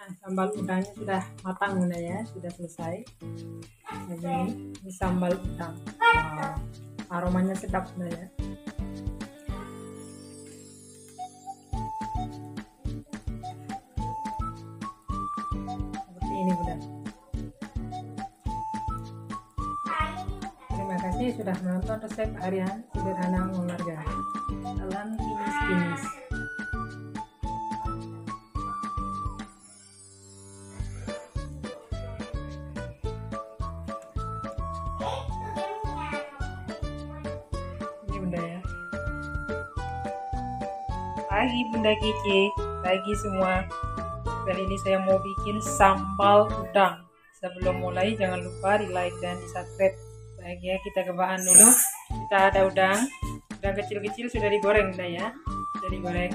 Nah, sambal udangnya sudah matang bunda ya, sudah selesai. Jadi ini, ini sambal udang. Wow, nah, aromanya sedap bunda. ya. Seperti ini bunda. Terima kasih sudah menonton resep harian sederhana olahraga. Salam kinis-kinis. bunda ya pagi bunda Kiki pagi semua kali ini saya mau bikin sambal udang sebelum mulai jangan lupa di like dan di subscribe baik ya kita ke bahan dulu kita ada udang udang kecil-kecil sudah digoreng bunda ya sudah goreng.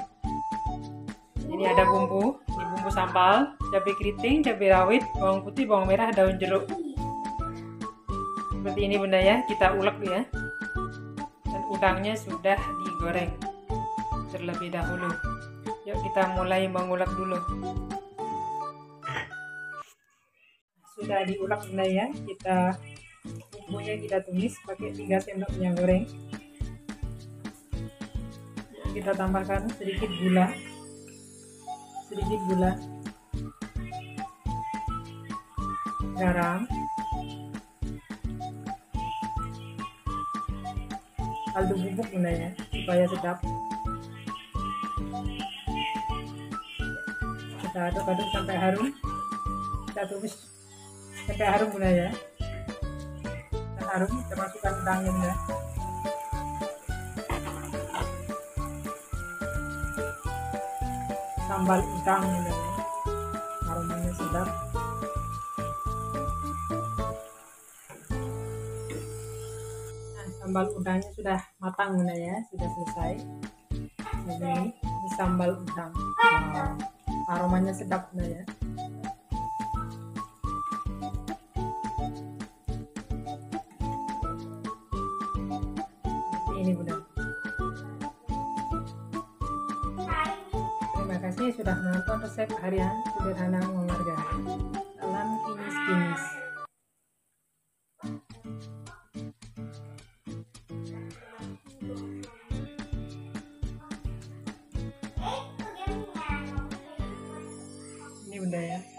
ini ada bumbu ini bumbu sambal cabai keriting cabai rawit bawang putih bawang merah daun jeruk seperti ini bunda ya kita ulek ya udangnya sudah digoreng terlebih dahulu. Yuk kita mulai mengulek dulu. Sudah diulek sudah ya, kita bumbunya kita tumis pakai 3 sendok minyak goreng. Kita tambahkan sedikit gula, sedikit gula, garam, kaldu bubuk gunanya supaya sedap kita aduk-aduk sampai harum kita tumis sampai harum gunanya dan harum kita masukkan udangnya ya. sambal udang gunanya aromanya sedap sambal udangnya sudah matang bunda ya sudah selesai jadi ini, sambal udang wow. aromanya sedap bunda ya ini bunda terima kasih sudah menonton resep harian sederhana mengeluarga dalam kinis-kinis Assembleia né?